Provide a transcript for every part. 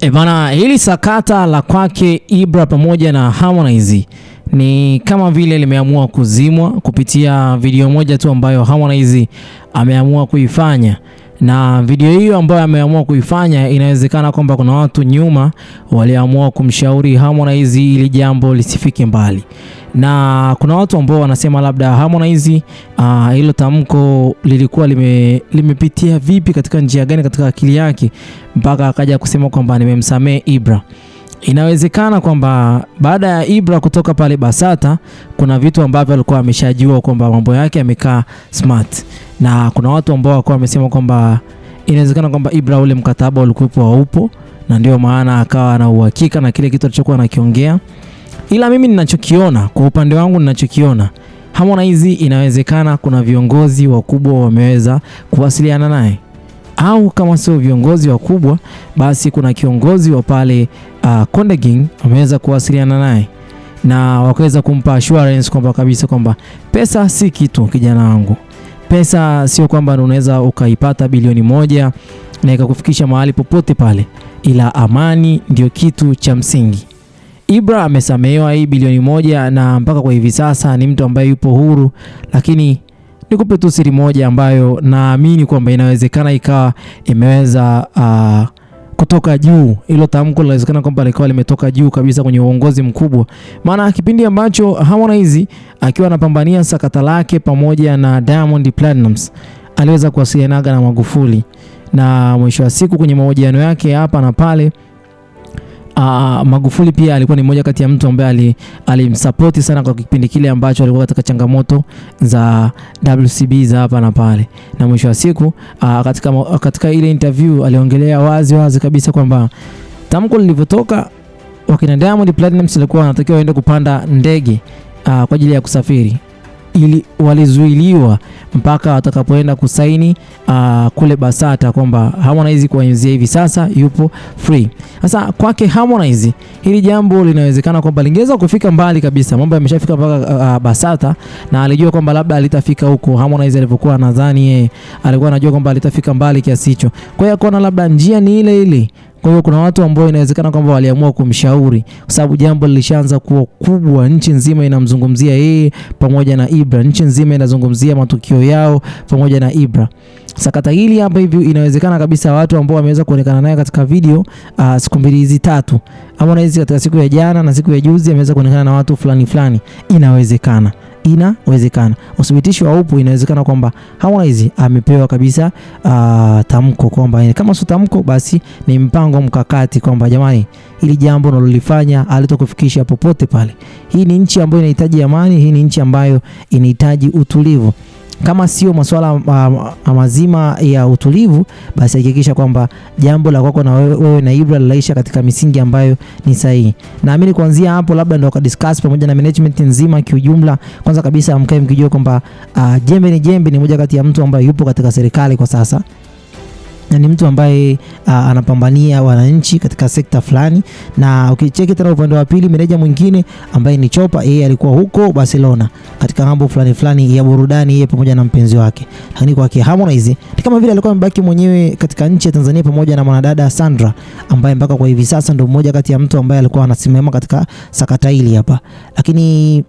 E bana, hili sakata la kwake Ibra pamoja na Harmonize ni kama vile limeamua kuzimwa kupitia video moja tu ambayo Harmonize ameamua kuifanya, na video hiyo ambayo ameamua kuifanya, inawezekana kwamba kuna watu nyuma waliamua kumshauri Harmonize ili jambo lisifike mbali na kuna watu ambao wanasema labda Harmonize ah, hilo uh, tamko lilikuwa lime, limepitia vipi katika njia gani katika akili yake mpaka akaja kusema kwamba nimemsamehe Ibra. Inawezekana kwamba baada ya Ibra kutoka pale Basata kuna vitu ambavyo alikuwa ameshajua kwamba mambo yake yamekaa smart, na kuna watu ambao walikuwa wamesema kwamba inawezekana kwamba Ibra ule mkataba ulikuwa haupo, na ndio maana akawa na uhakika na kile kitu alichokuwa anakiongea. Ila mimi ninachokiona kwa upande wangu, ninachokiona Harmonize, inawezekana kuna viongozi wakubwa wameweza kuwasiliana naye, au kama sio viongozi wakubwa, basi kuna kiongozi wa pale uh, Konde Gang ameweza kuwasiliana naye na wakaweza kumpa assurance kwamba kabisa kwamba pesa si kitu, kijana wangu, pesa sio kwamba unaweza ukaipata bilioni moja na ikakufikisha mahali popote pale, ila amani ndio kitu cha msingi. Ibra amesamehewa hii bilioni moja na mpaka kwa hivi sasa ni mtu ambaye yupo huru, lakini nikupe tu siri moja ambayo naamini kwamba inawezekana ikawa imeweza uh, kutoka juu. Hilo tamko linawezekana kwamba likawa limetoka juu kabisa kwenye uongozi mkubwa, maana kipindi ambacho Harmonize akiwa anapambania sakata lake pamoja na Diamond Platnumz aliweza kuwasilianaga na Magufuli, na mwisho wa siku kwenye mahojiano yake hapa na pale uh, Magufuli pia alikuwa ni mmoja kati ya mtu ambaye alimsapoti sana kwa kipindi kile ambacho alikuwa katika changamoto za WCB za hapa na pale, na mwisho wa siku uh, katika, katika ile interview aliongelea wazi wazi kabisa kwamba tamko lilivyotoka wakina Diamond Platinumz alikuwa wanatakiwa waende kupanda ndege uh, kwa ajili ya kusafiri ili walizuiliwa mpaka watakapoenda kusaini uh, kule Basata kwamba Harmonize kuanzia hivi sasa yupo free. Sasa kwake Harmonize hili jambo linawezekana kwamba lingeweza kufika mbali kabisa, mambo yameshafika mpaka uh, Basata, na alijua kwamba labda alitafika huko. Harmonize alivyokuwa nadhani yeye alikuwa anajua kwamba alitafika mbali kiasi hicho, kwa hiyo akaona labda njia ni ile ile kwa hiyo kuna watu ambao inawezekana kwamba waliamua kumshauri kwa sababu jambo lilishaanza kuwa kubwa, nchi nzima inamzungumzia yeye pamoja na Ibra, nchi nzima inazungumzia matukio yao pamoja na Ibra. Sakata hili hapa hivi, inawezekana kabisa watu ambao wameweza kuonekana naye katika video uh, siku mbili hizi tatu, ama na hizi katika siku ya jana na siku ya juzi ameweza kuonekana na watu fulani fulani, inawezekana inawezekana. Uthibitisho upo inawezekana kwamba Harmonize amepewa kabisa uh, tamko kwamba kama sio tamko basi ni mpango mkakati kwamba jamani, ili jambo nalolifanya alitokufikisha popote pale. Hii ni nchi ambayo inahitaji amani, hii ni nchi ambayo inahitaji utulivu kama sio masuala mazima ya utulivu, basi hakikisha kwamba jambo la kwako na wewe na Ibra linaisha katika misingi ambayo ni sahihi. Naamini kuanzia hapo, labda ka discuss pamoja na management nzima kiujumla. Kwanza kabisa, mkae mkijua kwamba uh, jembe ni jembe ni moja kati ya mtu ambaye yupo katika serikali kwa sasa na ni mtu ambaye uh, anapambania wananchi katika sekta fulani. Na ukicheki tena upande wa pili, meneja mwingine ambaye ni Chopa, yeye alikuwa huko Barcelona katika mambo fulani fulani ya burudani, yeye pamoja na mpenzi wake. Lakini kwake Harmonize ni kama vile alikuwa amebaki mwenyewe katika nchi ya Tanzania pamoja na mwanadada Sandra, ambaye mpaka kwa hivi sasa ndio mmoja kati ya mtu ambaye alikuwa anasimama katika sakata hili hapa, lakini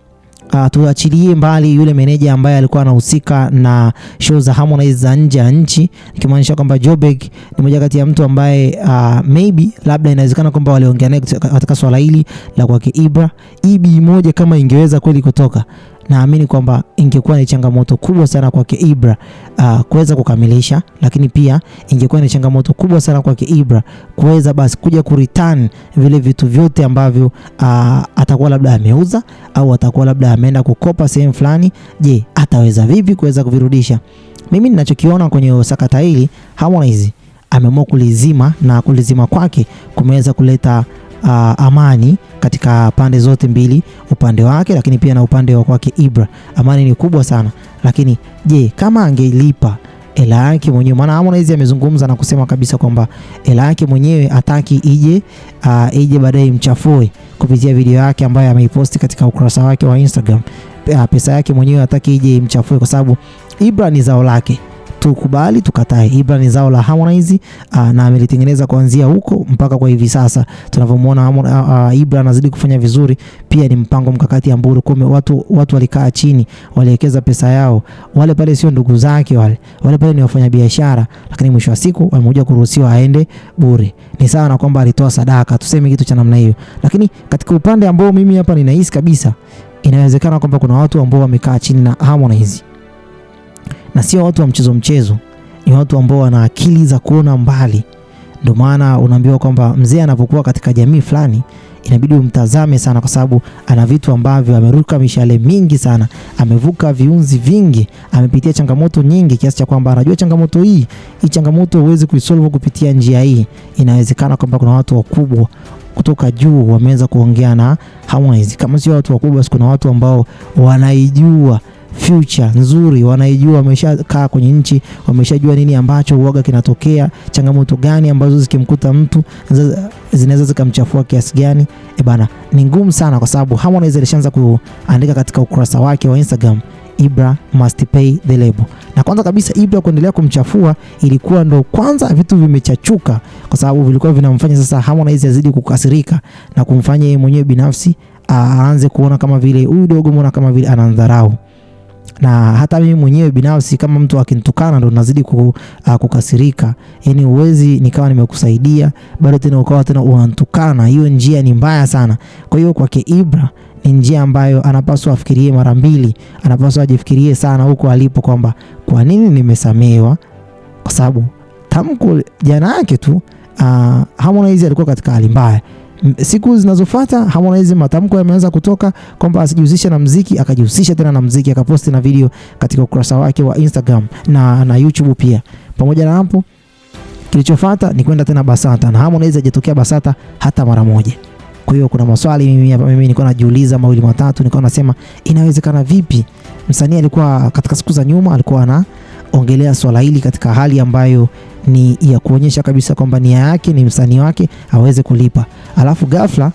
uh, tuachilie mbali yule meneja ambaye alikuwa anahusika na show za Harmonize za nje ya nchi, nikimaanisha kwamba Jobeg ni moja kati ya mtu ambaye uh, maybe labda inawezekana kwamba waliongea naye katika swala hili la kwake Ibra. Ibi moja kama ingeweza kweli kutoka naamini kwamba ingekuwa ni changamoto kubwa sana kwake Ibra uh, kuweza kukamilisha, lakini pia ingekuwa ni changamoto kubwa sana kwake Ibra kuweza basi kuja kureturn vile vitu vyote ambavyo uh, atakuwa labda ameuza au atakuwa labda ameenda kukopa sehemu fulani. Je, ataweza vipi kuweza kuvirudisha? Mimi ninachokiona kwenye sakata hili, Harmonize ameamua kulizima na kulizima kwake kumeweza kuleta uh, amani katika pande zote mbili, upande wake lakini pia na upande wa kwake Ibra. Amani ni kubwa sana, lakini je, kama angelipa hela yake mwenyewe, maana Harmonize amezungumza na kusema kabisa kwamba hela yake mwenyewe ataki ije, uh, ije baadaye mchafue kupitia video yake ambayo ameiposti katika ukurasa wake wa Instagram. Ah, pesa yake mwenyewe ataki ije imchafue, kwa sababu Ibra ni zao lake tukubali tukatae. Ibra ni zao la Harmonize ah, na amelitengeneza kuanzia huko mpaka kwa hivi sasa tunavyomuona ah, ah, Ibra anazidi kufanya vizuri. Pia ni mpango mkakati amburu ambao watu, watu walikaa chini waliwekeza pesa yao. Wale pale sio ndugu zake wale, wale pale ni wafanyabiashara, lakini mwisho wa siku wamekuja kuruhusiwa aende bure. Ni sawa na kwamba alitoa sadaka, tuseme kitu cha namna hiyo, lakini katika upande ambao mimi hapa ninahisi kabisa inawezekana kwamba kuna watu ambao wamekaa chini na Harmonize na sio watu wa mchezo mchezo, ni watu ambao wana akili za kuona mbali. Ndio maana unaambiwa kwamba mzee anapokuwa katika jamii fulani inabidi umtazame sana, kwa sababu ana vitu ambavyo ameruka mishale mingi sana, amevuka viunzi vingi, amepitia changamoto nyingi, kiasi cha kwamba anajua changamoto hii hii changamoto huwezi kuisolve kupitia njia hii. Inawezekana kwamba kuna watu wakubwa kutoka juu wameweza kuongea na Harmonize, kama sio watu wakubwa, kuna watu ambao wanaijua future nzuri, wanaijua, wameshakaa kwenye nchi, wameshajua nini ambacho uoga kinatokea, changamoto gani ambazo zikimkuta mtu zinaweza zikamchafua kiasi gani. E bana, ni ngumu sana, kwa sababu Harmonize alishaanza kuandika katika ukurasa wake wa Instagram Ibra must pay the label. Na kwanza kabisa Ibra kuendelea kumchafua ilikuwa ndo kwanza vitu vimechachuka, kwa sababu vilikuwa vinamfanya sasa Harmonize azidi kukasirika na kumfanya yeye mwenyewe binafsi aanze kuona kama vile huyu dogo, mbona kama vile anamdharau na hata mimi mwenyewe binafsi kama mtu akinitukana ndo nazidi ah, kukasirika. Yani uwezi nikawa nimekusaidia bado tena ukawa tena unanitukana, hiyo njia ni mbaya sana. Kwa hiyo kwake Ibra ni njia ambayo anapaswa afikirie mara mbili, anapaswa ajifikirie sana huko alipo kwamba kwa nini nimesamehewa, kwa sababu tamko jana yake tu uh, Harmonize alikuwa katika hali mbaya siku zinazofuata Harmonize matamko yameanza kutoka kwamba asijihusisha na mziki, akajihusisha tena na mziki, akaposti na video katika ukurasa wake wa Instagram na, na YouTube pia. Pamoja na hapo, kilichofuata ni kwenda tena Basata na Harmonize hajatokea Basata hata mara moja. Kwa hiyo kuna maswali mimi hapa, mimi nilikuwa najiuliza mawili matatu, nilikuwa nasema inawezekana vipi msanii alikuwa katika siku za nyuma alikuwa anaongelea swala hili katika hali ambayo ni ya kuonyesha kabisa kwamba nia yake ni msanii wake aweze kulipa, alafu ghafla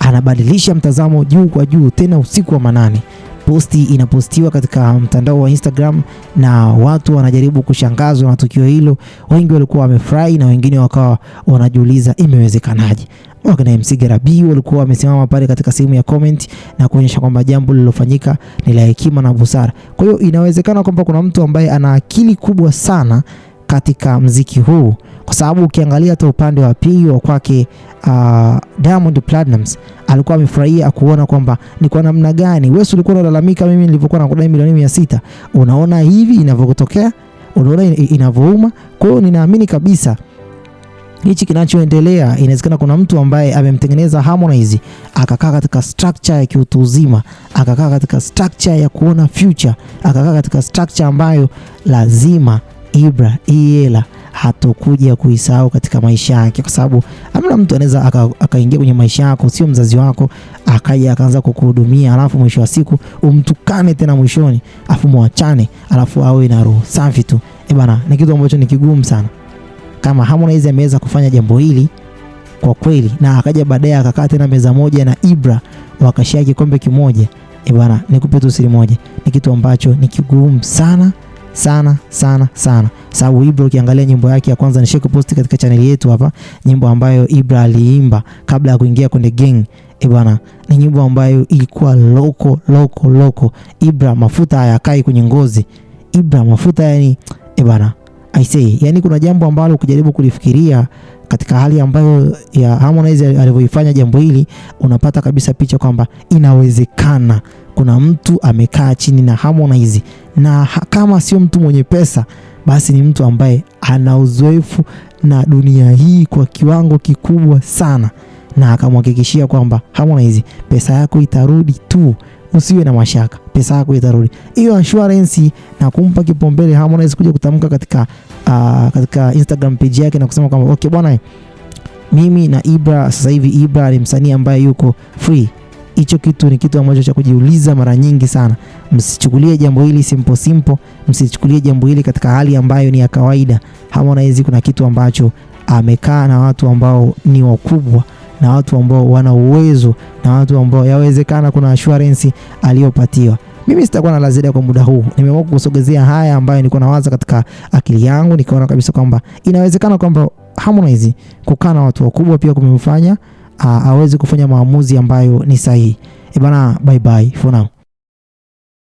anabadilisha mtazamo juu kwa juu, tena usiku wa manane. Posti inapostiwa katika mtandao wa Instagram na watu wanajaribu kushangazwa na tukio hilo. Wengi walikuwa wamefurahi na wengine wakawa wanajiuliza imewezekanaje. Wakina MC Garabi walikuwa wamesimama pale katika sehemu ya comment na kuonyesha kwamba jambo lililofanyika ni la hekima na busara. Kwa hiyo inawezekana kwamba kuna mtu ambaye ana akili kubwa sana katika mziki huu, kwa sababu ukiangalia hata upande wa pili wa kwake uh, Diamond Platnumz alikuwa amefurahia kuona kwamba ni kwa namna gani wewe ulikuwa unalalamika, mimi nilivyokuwa nakudai milioni mia sita. Unaona hivi inavyotokea, unaona inavyouma. Kwa hiyo ninaamini kabisa hichi kinachoendelea inawezekana kuna mtu ambaye amemtengeneza Harmonize akakaa katika structure ya kiutu uzima, akakaa katika structure ya kuona future, akakaa katika structure ambayo lazima Ibra, hii hela hatukuja kuisahau katika maisha yake, kwa sababu amna mtu anaweza akaingia kwenye maisha yako, sio mzazi wako, akaja akaanza kukuhudumia, alafu mwisho wa siku umtukane tena mwishoni, afu mwachane, alafu awe na roho safi tu. E bana, ni kitu ambacho ni kigumu sana. Kama Harmonize ameweza kufanya jambo hili kwa kweli, na akaja baadaye akakaa tena meza moja na Ibra wakashia kikombe kimoja, e bana, nikupe tu siri moja, ni kitu ambacho ni kigumu sana sana sana sana, sababu Ibra ukiangalia nyimbo yake ya kwanza, nishike post katika chaneli yetu hapa, nyimbo ambayo Ibra aliimba kabla ya kuingia kwenye gang eh bwana, ni nyimbo ambayo ilikuwa loko loko loko. Ibra mafuta hayakai kwenye ngozi, Ibra mafuta yani eh, bwana, I say yani, kuna jambo ambalo ukijaribu kulifikiria katika hali ambayo ya Harmonize alivyoifanya jambo hili, unapata kabisa picha kwamba inawezekana kuna mtu amekaa chini na Harmonize na kama sio mtu mwenye pesa, basi ni mtu ambaye ana uzoefu na dunia hii kwa kiwango kikubwa sana, na akamhakikishia kwamba Harmonize, pesa yako itarudi tu, usiwe na mashaka, pesa yako itarudi. Hiyo assurance na kumpa kipaumbele Harmonize kuja kutamka katika, uh, katika Instagram page yake na kusema kwamba okay bwana, mimi na Ibra sasa hivi Ibra ni msanii ambaye yuko free Hicho kitu ni kitu ambacho cha kujiuliza mara nyingi sana. Msichukulie jambo hili simpo simpo msichukulie jambo hili katika hali ambayo ni ya kawaida. Harmonize kuna kitu ambacho amekaa na watu ambao ni wakubwa na watu ambao wana uwezo na watu ambao yawezekana kuna assurance aliyopatiwa. Mimi sitakuwa na la ziada kwa muda huu. Nimeamua kukusogezea haya ambayo nilikuwa nawaza katika akili yangu, nikaona kabisa kwamba inawezekana kwamba Harmonize kukaa na watu wakubwa pia kumemfanya aweze kufanya maamuzi ambayo ni sahihi. E bye bye for now.